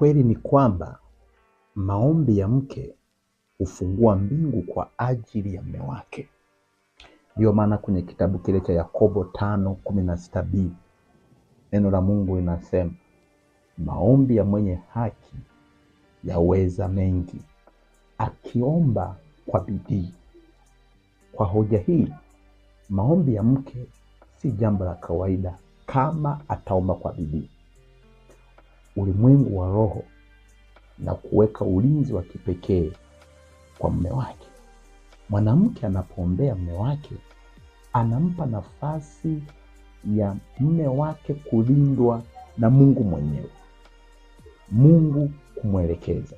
Ukweli ni kwamba maombi ya mke hufungua mbingu kwa ajili ya mume wake. Ndiyo maana kwenye kitabu kile cha Yakobo tano kumi na sita b neno la Mungu linasema maombi ya mwenye haki yaweza mengi, akiomba kwa bidii. Kwa hoja hii, maombi ya mke si jambo la kawaida kama ataomba kwa bidii ulimwengu wa roho na kuweka ulinzi wa kipekee kwa mme wake. Mwanamke anapoombea mme wake, anampa nafasi ya mme wake kulindwa na Mungu mwenyewe, Mungu kumwelekeza,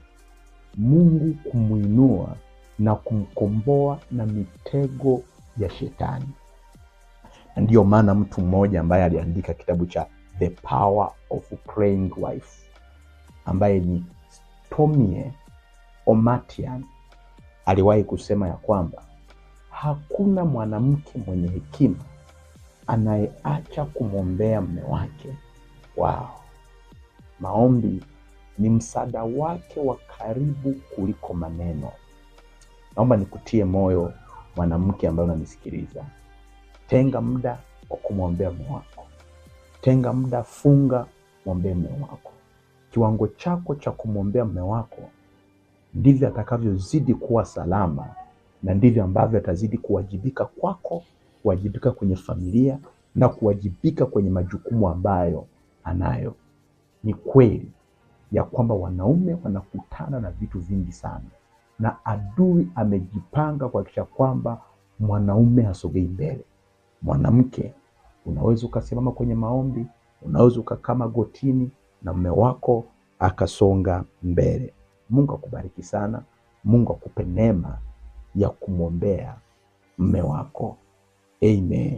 Mungu kumwinua na kumkomboa na mitego ya Shetani. Ndiyo maana mtu mmoja ambaye aliandika kitabu cha The Power of Praying Wife ambaye ni tomie O'Matian aliwahi kusema ya kwamba hakuna mwanamke mwenye hekima anayeacha kumwombea mme wake. wao maombi ni msaada wake wa karibu kuliko maneno. Naomba nikutie moyo mwanamke ambaye unanisikiliza, tenga muda wa kumwombea mme wako tenga muda, funga, mwombee mume wako. Kiwango chako cha kumwombea mume wako ndivyo atakavyozidi kuwa salama, na ndivyo ambavyo atazidi kuwajibika kwako, kuwajibika kwenye familia na kuwajibika kwenye majukumu ambayo anayo. Ni kweli ya kwamba wanaume wanakutana na vitu vingi sana, na adui amejipanga kuhakikisha kwamba mwanaume hasogei mbele, mwanamke Unaweza ukasimama kwenye maombi, unaweza ukakama gotini na mume wako akasonga mbele. Mungu akubariki sana. Mungu akupe neema ya kumwombea mume wako. Amen.